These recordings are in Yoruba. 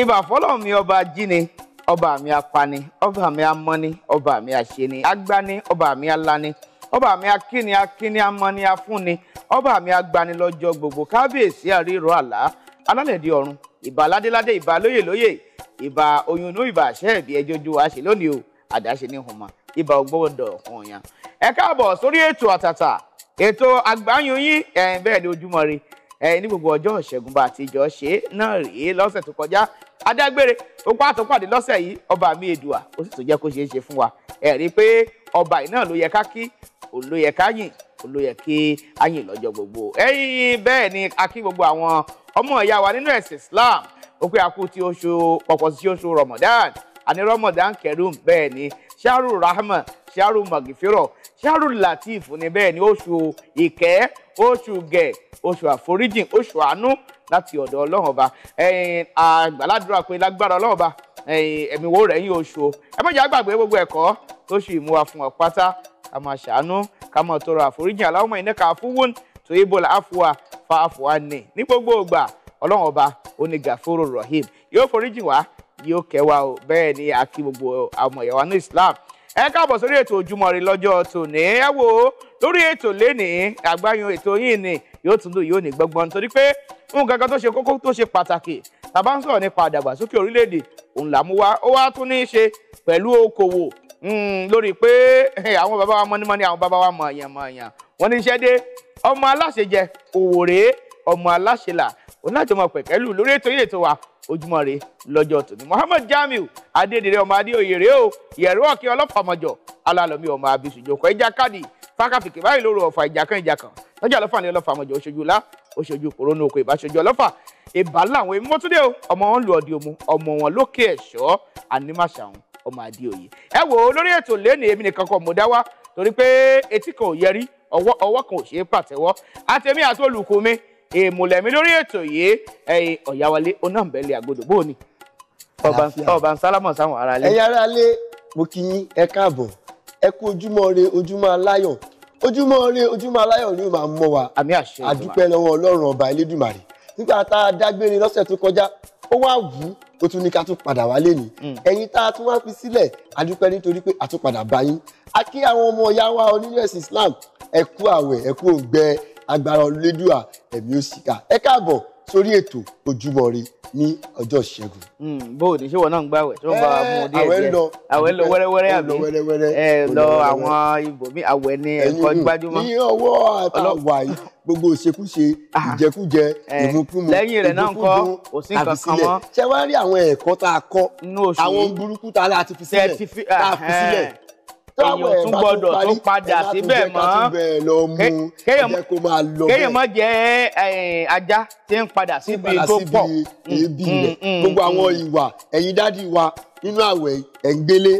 ìbà fọlọ́run mi ọba jíni ọba mi apani ọba mi amọ́ni ọba mi àṣeni agbani ọba mi alani ọba mi akíni akíni amọ́ni afúnni ọba mi agbani lọ́jọ́ gbogbo kábíyèsí àríro àlá alálẹ̀dí ọ̀run ìbà ládéládé ìbà lóyèlóyè ìbà oyúnnú ìbà àṣẹ ìbí ẹjọjú àṣẹ lónìí o àdáṣe ní hùmà ìbà ògbọ́dọ̀ hàn yàn. ẹ káàbọ̀ sórí ètò àtàtà ètò àgbáyún yín ẹ̀ bẹ́ẹ̀ ni Ojúmọ́ Ire ní gbogbo ọjọ́ ìṣẹ́gun bá àti ìjọ ṣe náà rèé lọ́sẹ̀ tó kọjá adágbére gbogbo àtọ́pàdé lọ́sẹ̀ yìí ọba mi èdùà ó sì tún jẹ́ kó ṣeé ṣe fún wa ẹ rí i pé ọba yìí náà ló yẹ ká kí òun yẹ ká yìn òun yẹ kí á yìn lọ́jọ́ gbogbo ẹ̀yin bẹ́ẹ̀ ni a kí gbogbo àwọn ọmọ ìyá wa nínú ẹ̀sìn Islam ó pé a kú ti oṣù pọ̀pọ̀ sí oṣù Ramadan àní Ramadan kẹrù bẹ́ẹ̀ ni sharu rahman sharu magifiro Sharul latif ní bẹ́ẹ̀ ni oṣù ìkẹ́ oṣù gẹ̀ oṣù àforíjìn oṣù àánú láti ọ̀dọ̀ ọlọ́run ọba àgbàládùra pé lágbára ọlọ́run ọba ẹ̀mí wo rẹ̀ yín oṣù o ẹ má jẹ́ gbogbo ẹ̀kọ́ tó ṣì mú wa fún ọ pátá ká máa ṣàánú ká máa tọrọ àforíjìn to iná ká fúnwọ́n tó ibo la àfọwà fa àfọwà nì ní gbogbo ìgbà ọlọ́run ọba o bẹ́ẹ̀ ni gbogbo Islam ẹ káàbọ̀ sórí ètò Ojúmọ́ Ire lọ́jọ́ tòní ẹ wo lórí ètò lénìí àgbáyun ètò yìí ni yóò tún dùn yóò ní gbọ́ngbọ́n nítorí pé nǹkan kan tó ṣe kókó tó ṣe pàtàkì tàbá ń sọ̀rọ̀ nípa àdàgbàsókè orílẹ̀-èdè òun là mú wá ó wá tún ní í ṣe pẹ̀lú okòwò hmm, lórí pé àwọn bàbá wa mọ́nímọ́ní àwọn bàbá wa mọ̀ọ̀yàn mọ̀ọ̀yàn wọ́n ní iṣẹ́ dé ọmọ aláṣẹ òwòrè ọmọ aláṣẹ òun láti mọ̀ pẹ̀kẹ́lù lórí ètò yìí ètò wa ojúmọ́ re lọ́jọ́ tòní Muhammed Jamiu adédèrè ọmọ adéoyè rèé o yẹ̀rọ ọ̀kẹ́ ọlọ́fàmọ̀jọ alálọ́mí ọmọ abisujoko ẹja káàdì fákàfìkì báyìí lóru ọ̀fà ìjàkan ìjàkan lọ́jà ọlọ́fà ní ọlọ́fàmọ̀jọ oṣojú lá oṣojú kòrónà oko ìbáṣojú ọlọ́fà ìbá làwọn èmi mọ́túndé o ọmọ wọn lu ọdí omu ọmọ wọn lókè ẹ̀ṣọ́ ànímàṣàwọn ọmọ adéoyè ẹ wò ó lórí ètò lẹ́nu èmi nìkan kan mo dá wá torí pé etí kan ò yẹrí ọwọ́ kan ò ṣeé pàtẹ́wọ́ àtẹ̀mí àtolùkù mi èmùlẹ̀mí lórí ètò yìí ẹ̀yin ọ̀yáwálé onáǹbẹ̀lẹ̀ àgbòdò bó ni ọba ń sálámọ̀ sáwọn ará lé. ẹ̀yin ará lé mo kí yín ẹ káàbọ̀ ẹ kú ojúmọ́ re ni àdúpẹ́ lọ́wọ́ ọlọ́run ọba nígbà tá a dágbére lọ́sẹ̀ tó kọjá ó wá wù ú ó tún ní ká tún padà wálé ni hmm. a fi sílẹ̀ agbára Olódùà ẹ̀mí ó sì ká ẹ káàbọ̀ sórí ètò Ojúmọ́ Ire ní ọjọ́ ìṣẹ́gun. Hmm, bóòdì ṣé wọn náà ń gbàwẹ̀ tí wọn bá mú un díẹ̀ díẹ̀ àwẹ̀ lọ wẹ́rẹ́wẹ́rẹ́ àbí ẹ lọ àwọn ibòmí àwẹ̀ ni ẹ̀kọ́ gbajúmọ̀. ní ọwọ́ àtàwà yìí gbogbo òṣekúṣe ah. ìjẹkújẹ ìmúkúmu lẹ́yìn rẹ̀ náà ń kọ́ kò sí nǹkan kan mọ́. àwọn ẹ̀kọ́ tá a kọ́ àwọn burúkú tá a ah, fi sílẹ̀ èèyàn tún gbọ́dọ̀ tó padà síbẹ̀ mọ́ kéèyàn mọ́ jẹ́ ajá tí ń padà síbi tó pọ̀ ebi rẹ̀ mm, mm, mm, gbogbo àwọn ìwà ẹ̀yin dádì wa nínú àwẹ̀ ẹ̀ ń gbélé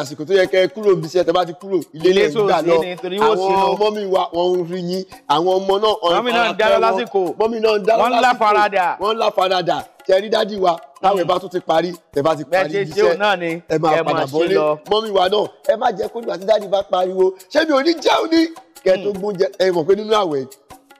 àsìkò tó yẹ kẹ́ kúrò bí iṣẹ́ tẹ́ bá ti kúrò ilé lẹ gbà lọ àwọn ọmọ mi wa wọn ń rí yín àwọn ọmọ náà ọ̀rọ̀ àtẹwọn mọ́mí náà ń dára lásìkò wọ́n ń láfaradà wọ́n ń wa táwọn ìbá tún ti parí ẹ bá ti parí iṣẹ́ ẹ máa padà bọ́lé mọ́mí wa náà ẹ má jẹ́ kó nígbà tí dáàdi bá pariwo ṣé mi ò ní jẹun ní kẹtó hmm. gbóúnjẹ ẹ mọ̀ pé nínú àwẹ̀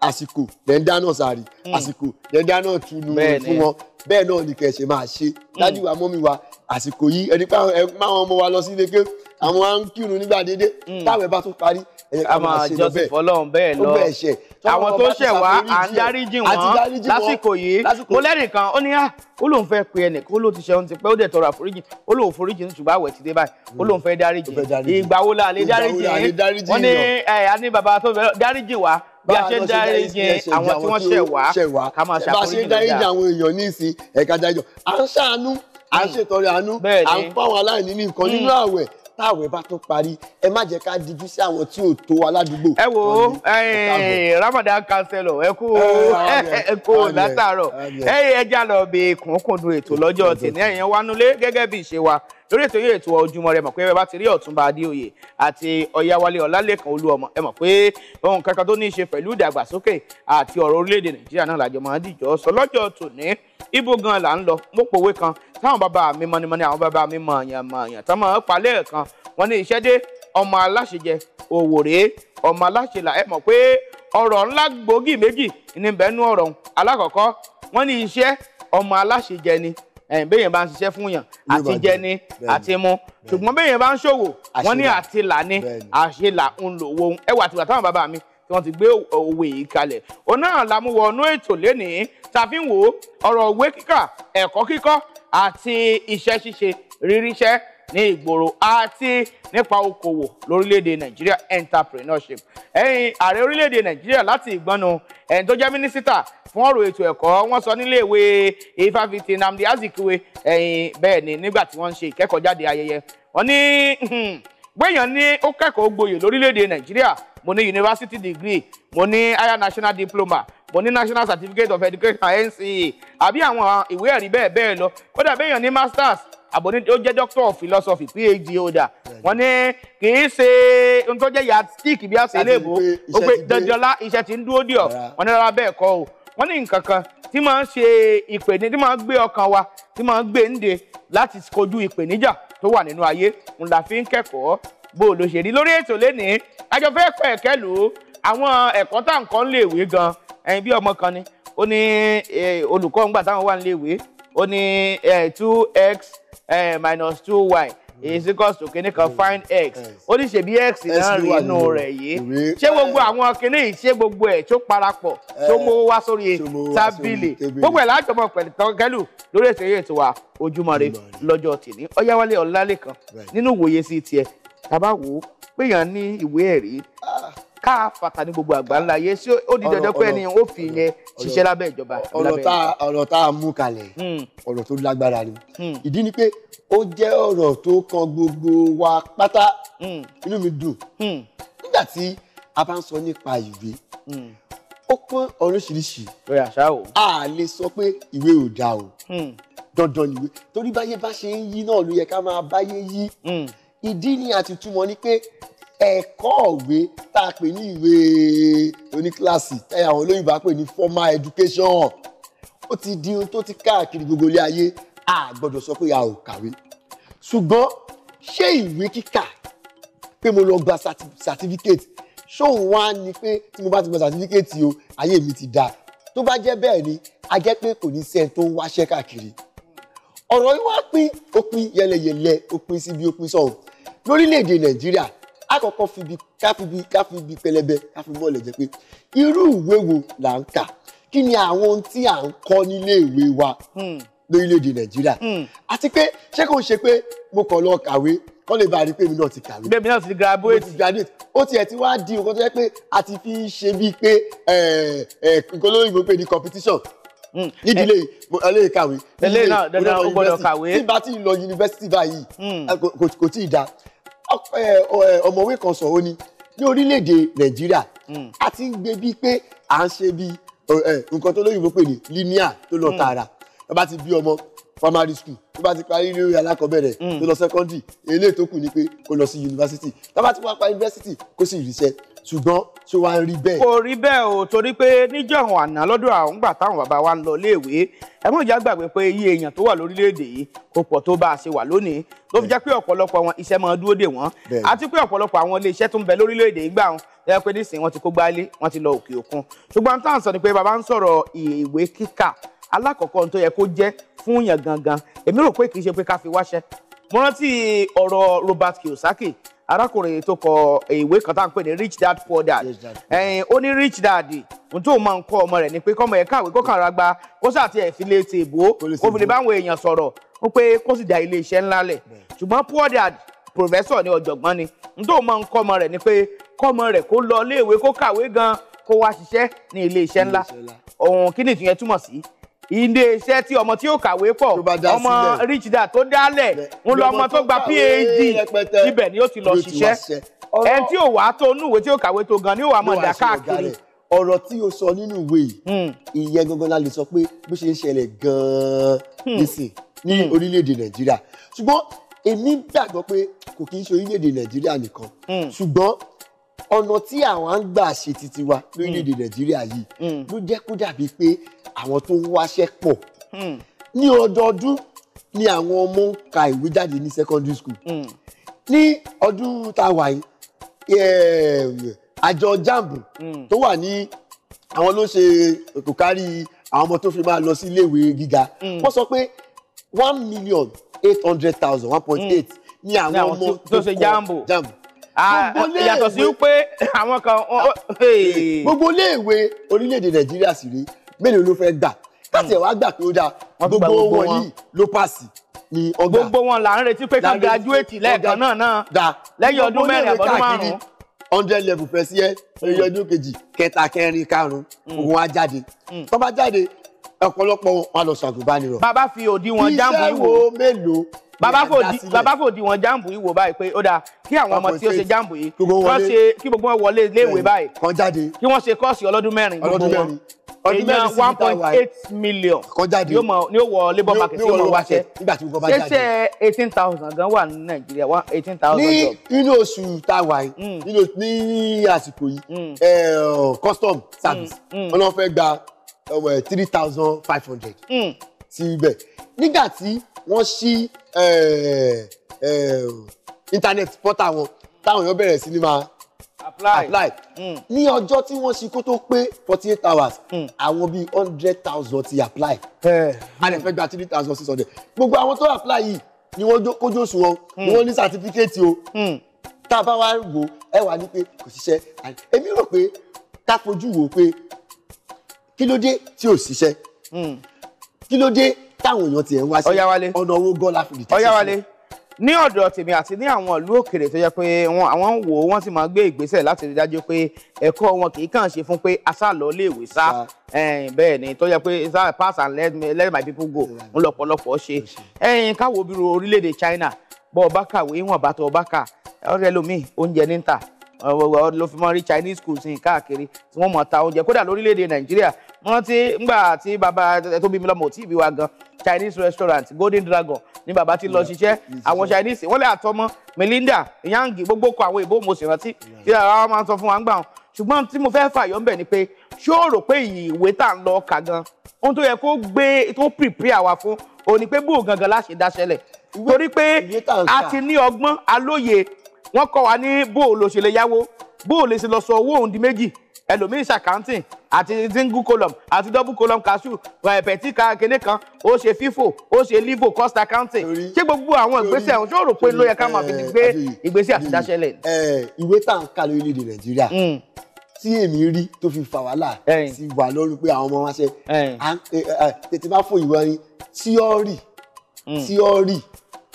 àsìkò lẹ́ ń dáná sàárì hmm. àsìkò lẹ́ ń dáná tunu fún wọn bẹ́ẹ̀ náà ni kẹ̀ṣẹ̀ máa ṣe hmm. dáàdi wa mọ́mí wa àsìkò yìí ẹni pé àwọn ọmọ wa lọ sí ilé ké àwọn à ń kírun nígbà déédéé táwọn ìbá tún parí ẹ máa ṣe lọ bẹ́ẹ̀ ó bẹ́ẹ̀ ṣẹ̀ àwọn tó ṣẹ̀ wá à ń dáríjì wọ́n lásìkò yìí mo lẹ́rìí kan ó ní à ah, ó lóun fẹ́ pe ẹnìkan ó lóun ti ṣẹun ti pẹ́ ó dẹ̀ tọrọ àforíjì ó lóun foríjì ní ṣùgbọ́n àwẹ̀ ti dé báyìí ó lóun fẹ́ dáríjì ìgbà wo la lè dáríjì wọ́n ní a ní bàbá tó fẹ́ dáríjì wá bí a ṣe ń dáríjì àwọn tí wọ́n ṣẹ̀ wá ká máa ṣàforíjì dáadáa bá a ṣe dáríjì àwọn èèyàn ní ìsìn ẹ̀ka dájọ́ à ń ṣàánú à ń ṣètọrẹ àánú à ń fáwọn aláìní ní nǹkan hmm. nínú àwẹ̀ táwẹ̀ bá tún parí ẹ má jẹ́ ká dijú sí àwọn tí ò tó aládùúgbò. ẹ wo Ramadan counselor ẹ kú ẹ kú látàárọ̀ ẹ jẹ́ àlọ́ bí kùnkùndùn ètò lọ́jọ́ tèmi ẹ̀yàn wánulé gẹ́gẹ́ bí ìṣe wa lórí ètò yìí ètò Ojúmọ́ Ire mọ̀ pé ẹ bá ti rí Ọ̀túnba Adéoyè àti Ọ̀yáwálé Ọlálékan Olúọmọ ẹ mọ̀ pé ohun kankan tó ní í ṣe pẹ̀lú ìdàgbàsókè àti ọ̀rọ̀ orílẹ̀-èdè Nàìjíríà náà làjọ máa sọ lọ́jọ́ tòní ibo gan là ń lọ mo pòwe kan táwọn bàbá mi mọnimọni àwọn bàbá mi mọ̀ọ̀yàn mọ̀ọ̀yàn tán máa ń palẹ̀ kan wọ́n ní iṣẹ́ dé ọmọ aláṣejẹ òwò rèé ọmọ aláṣelà ẹ mọ̀ pé ọ̀rọ̀ ńlá gbòógì méjì ní bẹ́ẹ̀nú ọ̀rọ̀ alákọ̀ọ́kọ́ wọ́n ní iṣẹ́ ọmọ aláṣejẹ ni ẹ̀yìn béèyàn bá ń ṣiṣẹ́ fún yàn àti jẹ ni àti mu ṣùgbọ́n béèyàn bá ń ṣòwò wọ́n ní àtìlà ni àṣelà ń lò wọ́n ẹwà àtìgbà táwọn bàbá mi tí wọ́n ti gbé òwe yìí kalẹ̀ òun náà la mú wọnú ètò lénìí tá a fi ń wò ó ọ̀rọ̀ òwe kíkà ẹ̀kọ́ kíkọ́ àti iṣẹ́ ṣíṣe ríríṣẹ́ ní ìgboro àti nípa okòwò lórílẹ̀‐èdè nàìjíríà entrepreneurship ẹ̀yìn ààrẹ orílẹ̀‐èdè nàìjíríà láti ìgbọ́nu ẹni tó jẹ́ mínísítà fún ọ̀rọ̀ ètò ẹ̀kọ́ wọ́n sọ nílé ìwé ifáfitì nnamdi azikiwe ẹ̀yìn bẹ́ẹ̀ ni nígbà tí wọ́n ń ṣe ìkẹ́kọ̀ọ́ ayẹyẹ wọ́n ní hmm, gbẹ̀yàn ní ó kẹ́kọ̀ọ́ gboyè lórílẹ̀‐èdè nàìjíríà mo ní university degree mo ní higher national diploma mo ní national certificate of education NCE àbí àwọn ìwé ẹ̀rí bẹ́ẹ̀ bẹ́ẹ̀ lọ kódà béèyàn ní masters àbò ní ó jẹ́ doctor of philosophy phd holder wọ́n ní kì í ṣe ohun tó jẹ́ yardstick bí a ṣe ilé ìbò ó pé dandanlá iṣẹ́ ti ń dúró dì ọ́ wọ́n ní rárá bẹ́ẹ̀ kọ́ o wọ́n ní nǹkan kan tí máa ń ṣe ìpèní tí máa ń gbé ọkàn wa tí máa ń gbé ń de láti kojú ìpèníjà tó wà nínú ayé ńlá fi ń kẹ́kọ̀ọ́ bó ló ṣe rí lórí ètò lénìí àjọfẹ́ ẹ̀kọ́ ẹ̀kẹ́ lò ó àwọn ẹ̀kọ́ tá nǹkan lè wé gan ẹ̀yin bí ọmọ kan ni ó ní olùkọ́ ńgbà táwọn wà nílé ìwé ó ní two x minus two y is equals to kíní kan find x ó ní ṣèbí x náà rí inú rẹ̀ yìí ṣé gbogbo àwọn kíní yìí ṣé gbogbo ẹ̀ tó parapọ̀ tó mówó wá sórí tábìlì gbogbo ẹ̀ lájọmọ̀ pẹ̀lú tọ́kẹ́lù lórí ètò yìí ètò wa Ojúmọ́ lọ́jọ́ tìní Ọ̀yáwálé Ọlálékan nínú ìwòye sí tiẹ̀ bàbá wò ó pé èèyàn ní ìwé ẹ̀rí ká fàtà ní gbogbo àgbà ńlá yẹ sí ó di dandan pé ẹni ó fi yẹn ṣiṣẹ́ lábẹ́ ìjọba. ọ̀rọ̀ tá a mú kalẹ̀ hmm. ọ̀rọ̀ tó lágbára ni hmm. ìdí ni pé ó jẹ́ ọ̀rọ̀ tó kan gbogbo wa pátá hmm. inú mi dùn nígbà tí a bá ń sọ nípa ìwé ó pọ́n oríṣiríṣi a lè sọ pé ìwé ò dáa o dandan ìwé torí báyé bá ṣe ń yí náà ló yẹ ká máa báyé yí ìdí ni àti túmọ̀ ni pé ẹ̀kọ́ ọ̀wé tá a pè ní ìwé oníkíláàsì ẹ̀yà àwọn olóyìnbá pè ní formal education ó ti di ohun tó ti káàkiri gbogbo ilé ayé a gbọ́dọ̀ sọ pé a ò kàwé ṣùgbọ́n ṣé ìwé kíkà pé mo lọ gba certificate ṣóun wá ni pé tí mo bá ti gba certificate o ayé mi ti dáa tó bá jẹ́ bẹ́ẹ̀ ni a jẹ́ pé kò ní sẹ́ni tó ń wáṣẹ́ káàkiri ọ̀rọ̀ yìí wá pín ó pín yẹlẹyẹlẹ ó pín síbi ó pín sọ̀hún lórílẹ̀‐èdè nàìjíríà a kọ́kọ́ fibi káfibi káfibi pẹlẹbẹ káfi bọ́ọ̀lù jẹ́ pé irú ìwé wo là ń kà kí ni àwọn ohun tí à ń kọ́ nílé ìwé wa hmm. lórílẹ̀‐èdè nàìjíríà hmm. àti pé ṣé kò ń ṣe pé mo kàn lọ kàwé kọ́ lè bá a rí pé èmi náà ti kàwé. bẹ́ẹ̀ mi náà ti graduate. mo ti graduate ó tiẹ̀ ti wá di nǹkan tó yẹ pé a ti fi ṣe bíi pé eh, eh, nǹkan olóyìnbó pè ní competition Hmm. nídìílé ẹlẹ́yìí kàwé ẹlẹ́yìí náà dandan ó gbọ́dọ̀ kàwé tí bá ti lọ yunifásitì báyìí hmm. kò tí ì da ọmọwé kan sọ ó ní ní orílẹ̀-èdè nàìjíríà hmm. a ti ń gbé bíi pé à ń ṣe bíi nǹkan tó lóyìnbó pè ní linear tó lọ tààrà tó bá ti bí ọmọ primary school tó bá ti parí ilé ìwé alákọ̀ọ́bẹ̀rẹ̀ tó lọ secondary eléyìí tó kù ni pé kó lọ sí yunifásitì tó bá ti wá pa yunifásitì kó sì ríṣẹ́ ṣùgbọ́n ṣé wàá rí bẹ́ẹ̀. kò rí bẹ́ẹ̀ o torí pé níjọ̀hún àná lọ́dọ̀ àwọn gbà táwọn bàbá wa ń lọ iléèwé ẹ mọ̀ ìjà gbàgbé pé iye èèyàn tó wà lórílẹ̀‐èdè yìí kò pọ̀ tó bá a ṣe wà lónìí ló fi jẹ́ pé ọ̀pọ̀lọpọ̀ wọn iṣẹ́ máa dúró dè wọ́n àti pé ọ̀pọ̀lọpọ̀ àwọn ilé iṣẹ́ tó ń bẹ lórílẹ̀‐èdè yìí gbà wọn ẹ pé nísìnyí wọn ti kó gbálé wọn ti lọ arákùnrin tó kọ ìwé kan tá à ń pè ní rich dad poor dad ẹyin ó ní rich dad ohun tó máa ń kọ ọmọ rẹ̀ ni pé kọ́mọ ẹ̀ káwé kó kàrà gba kó sàti ẹ̀ fi lè tèbó kó fi lè báwọn èèyàn sọ̀rọ̀ ó pé kó sì dá ilé iṣẹ́ ńlá lẹ̀ ṣùgbọ́n poor dad professor ni ọ̀jọ̀gbọ́n ni ohun tó máa ń kọ́ ọmọ rẹ̀ ni pé kọ́mọ rẹ̀ kó lọ iléèwé kó kàwé gan kó wá ṣiṣẹ́ ní ilé iṣẹ́ ńlá ohun kí nìtúnyẹn túmọ̀ sí iléeṣẹ́ tí ọmọ tí ó kàwé pọ̀ ọmọ rich dad tó dálẹ̀ ń lọ ọmọ tó gba phd ibẹ̀ ni ó ti lọ ṣiṣẹ́ ẹni tí ò wá tó núwèé tí ó kàwé tó gan ni ó wà mọ̀ dá káàkiri. ọ̀rọ̀ tí o sọ nínú ìwé yìí hmm. ìyẹn gangan la lè sọ pé bó ṣe ń ṣẹlẹ̀ gan-an hmm. nísìn ní hmm. orílẹ̀-èdè nàìjíríà ṣùgbọ́n èmi gbàgbọ́ pé kò kí ń ṣe orílẹ̀-èdè nàìjíríà nìkan ṣùgbọ́n ọ̀nà tí àwọn ń gbà ṣe titi wa lórílẹ̀‐èdè mm. nàìjíríà yìí mm. ló jẹ́ kó dàbí pé àwọn tó ń wáṣẹ́ pọ̀ mm. ní ọdọọdún ni àwọn ọmọ ń ka ìwé jáde ní secondary school ní ọdún tá a wà yìí eh, àjọ jamb tó wà ní àwọn ló ṣe kò kárí àwọn ọmọ tó fi máa lọ sí iléèwé gíga wọ́n sọ pé one million eight hundred thousand one point eight ni àwọn ọmọ tó kọ jamb Ah, yàtọ̀ sí pé àwọn kan. Ah, gbogbo iléèwé orílẹ̀-èdè nàìjíríà sì rí mélòó ló fẹ́ gbà káṣí ẹ̀ wá gbà tó dáa gbogbo wọn yìí ló pàṣì ni ọgbà. gbogbo wọn là ń retí pé kí n graduate lẹ́ẹ̀kan náà náà lẹ́yìn ọdún mẹ́rin àbọ̀dún márùn-ún. hundred level fẹ́ sí ẹ lórí ọdún kejì kẹta kẹrin karùn-ún òun hmm. á jáde hmm. tó bá jáde ọ̀pọ̀lọpọ̀ wọn lọ ṣàgùnbánirọ̀. bàbá fi òdiwọ̀n jáàmù ìwò. iṣẹ́ wo mélòó bàbá kò di wọn jáàmù yìí wò báyìí pé ó dáa kí àwọn ọmọ tí ó ṣe jáàmù yìí kí gbogbo wọn wọlé iléèwé báyìí kí wọ́n ṣe kọ́ọ̀sì ọlọ́dún mẹ́rin gbogbo wọn èèyàn one point eight million yóò mọ ní ó wọ labour market yóò mọ wáṣẹ ṣẹṣẹ eighteen thousand gan wà ní nàìjíríà one eighteen thousand job. ní inú oṣù tá a wà yìí hmm. ní àsìkò yìí hmm. uh, custom service hmm. wọn náà fẹ́ gba uh, three thousand five hundred síbẹ̀ nígbà wọ́n ṣí eh, eh, internet portal wọn táwọn èèyàn bẹ̀rẹ̀ sí ni máa apply apply hmm. ní ọjọ́ tí wọ́n ṣe kó tó pé forty eight hours hmm. àwọn bíi hundred thousand ti apply eh. a lè fẹ́ gba three thousand six hundred gbogbo àwọn tó apply yìí ni wọ́n kójú òṣùwọ̀n ni hmm. wọ́n ní certificate o tá a bá wá wò ẹ wà ní pé kò ṣiṣẹ́ èmi rò pé ká fojú wò pé kí ló dé tí ò ṣiṣẹ́ kí ló dé táwọn èèyàn tiẹ̀ ń wá sí ọ̀nà owó gan la fi dìtẹ́ sí ní ọ̀dọ̀ tèmi àti ní àwọn ìlú òkèrè tó jẹ́ pé àwọn ń wò ó wọ́n sì máa gbé ìgbésẹ̀ láti rí dájú pé ẹ̀kọ́ wọn kì í kàn ṣe fún pé asálọ̀ lè wé sá bẹ́ẹ̀ ni tó jẹ́ pé pass and let, me, let my people go ń lọ́pọ̀lọpọ̀ ṣe ẹ̀yìn káwọ́ bírò orílẹ̀-èdè China bọ́ọ̀ bá kàwé ìwọ̀nba tó bá kà ọ̀rẹ́ lomi oúnjẹ ní ń ta ló fi mọ́ rí chinese schools yìí káàkiri tí wọ́n mọ̀ ta oúnjẹ kódà lórílẹ̀‐èdè nàìjíríà wọ́n ti ngbà tí bàbá tó bí mi lọ́mọ ò tí ì bí wa gan chinese restaurant golden dragon ni bàbá ti lọ ṣiṣẹ́ àwọn chinese wọ́n lé àtọmọ́ melinda yangi gbogbo kọ àwọn ìbò mo sì rántí tí àwọn máa ń sọ fún wa ń gbà wọn ṣùgbọ́n tí mo fẹ́ fàyọ ń bẹ̀ ni pé ṣé o rò pé ìwé tá à ń lọ kà gan ohun tó yẹ kó gbé tó prepare wa fún òní pé bóò gangan láṣẹ dáṣẹlẹ̀ torí pé a ti ní ọgbọ́n alóye wọ́n kọ́ wa ní bó o lò ṣe lè yáwó bó o lè ṣe lọ sọ owó òun di méjì ẹlòmíín ṣàkántìn àti single column àti double column cashew pẹ̀tí kékeré kan ó ṣe fifo ó ṣe livo cost accounting ṣé gbogbo àwọn ìgbésẹ̀ ọ̀hún ṣé o rò pé ló yẹ ká máa fi eh, gbé ìgbésẹ̀ àtidáṣẹ́ lẹ̀. Eh, ìwé tá à ń kà lórílẹ̀‐èdè nàìjíríà hmm. tí èmi rí tó fi fà wàhálà eh. sí wà lọ́rùn pé àwọn ọmọ wa ṣe tètè bá fò ìwọ ni tíọ́rì hmm. tíọ́rì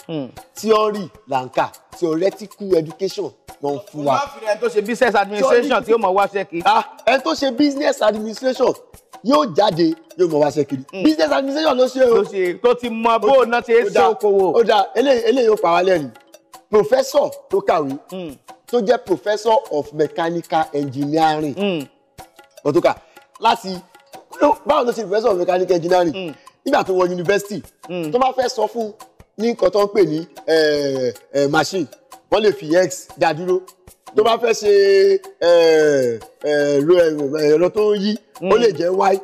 Hmm. theory Lanka. ń theoretical education ló ń fún wa. ẹni tó ṣe business administration tí yóò mọ̀ wá ṣe kiri. Ah, ẹni tó ṣe business administration yóò jáde yóò mọ̀ wá ṣe kiri. Hmm. business administration ló ṣe o. ló ṣe tó ti mọ bó o náà ṣe é ṣe okòwò. ó dà eléyìí ó pa wá lẹ́rìn professor tó kàwé hmm. tó jẹ́ professor of mechanical engineering. ó tó kà láti báwo ló ṣe professor of mechanical engineering nígbà tó wọ yunifásitì tó bá fẹ́ sọ fún ní nǹkan tó ń pè ní machine wọ́n lè fi x dá dúró tó bá fẹ́ ṣe ẹ̀rọ tó ń yí ó lè jẹ́ y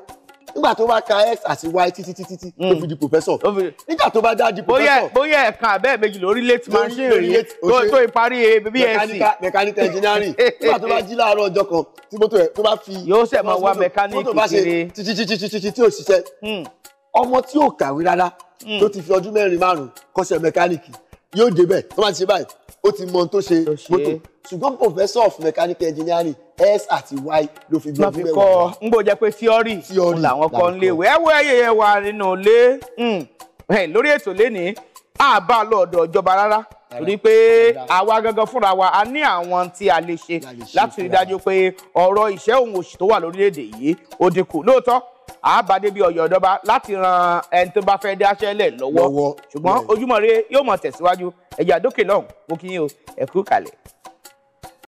nígbà tó bá ka x àti y títí títí tí tó fi di professor nígbà tó bá dá di professor. bóyá bóyá ẹ̀ka abẹ́ méjì lórí late machine rèé tó ìparí bsc. mechanical engineering nígbà tó bá jí láàárọ̀ ọjọ́ kan tí mọ́tò ẹ̀ tó bá fi. yóò ṣe máa wá mechanic kiri. mọ́tò bá ṣe títí títí títí tí ò ṣiṣẹ́ hmm. ọmọ tí ò kàwé rárá Mm. tó ti fi ọdún mẹ́rin márùn kọ́ṣẹ́ mẹkáníìkì yóò débẹ̀ tó máa ti ṣe báyìí ó ti mọ ohun tó ṣe mọ́tò ṣùgbọ́n professor of mechanical engineering s àti y ló fi gbé ọdún mẹ́wàá. n bò jẹ́ pé theory làwọn kọ́ ń léwé ẹ wo ẹyẹ wa nínú ilé hmm. lórí ètò lẹ́nìí àbá lọ́ọ̀dọ̀ ìjọba rárá torí pé àwa gangan fúnra wa a ní àwọn tí a lè ṣe láti rí dájú pé ọ̀rọ̀ ìṣẹ́ òun òṣì tó wà lórílẹ̀ yìí ó dínkù lóòótọ́ àbádé bíi ọ̀yọ́ ọ̀dọ́ba láti ran ẹni tó bá fẹ́ dáṣẹ́ lẹ̀ lọ́wọ́ ṣùgbọ́n Ojúmọ́ Ire yóò mọ̀ tẹ̀síwájú ẹ̀jẹ̀ àdókè lọ́hùn mo kí yín o ẹ kú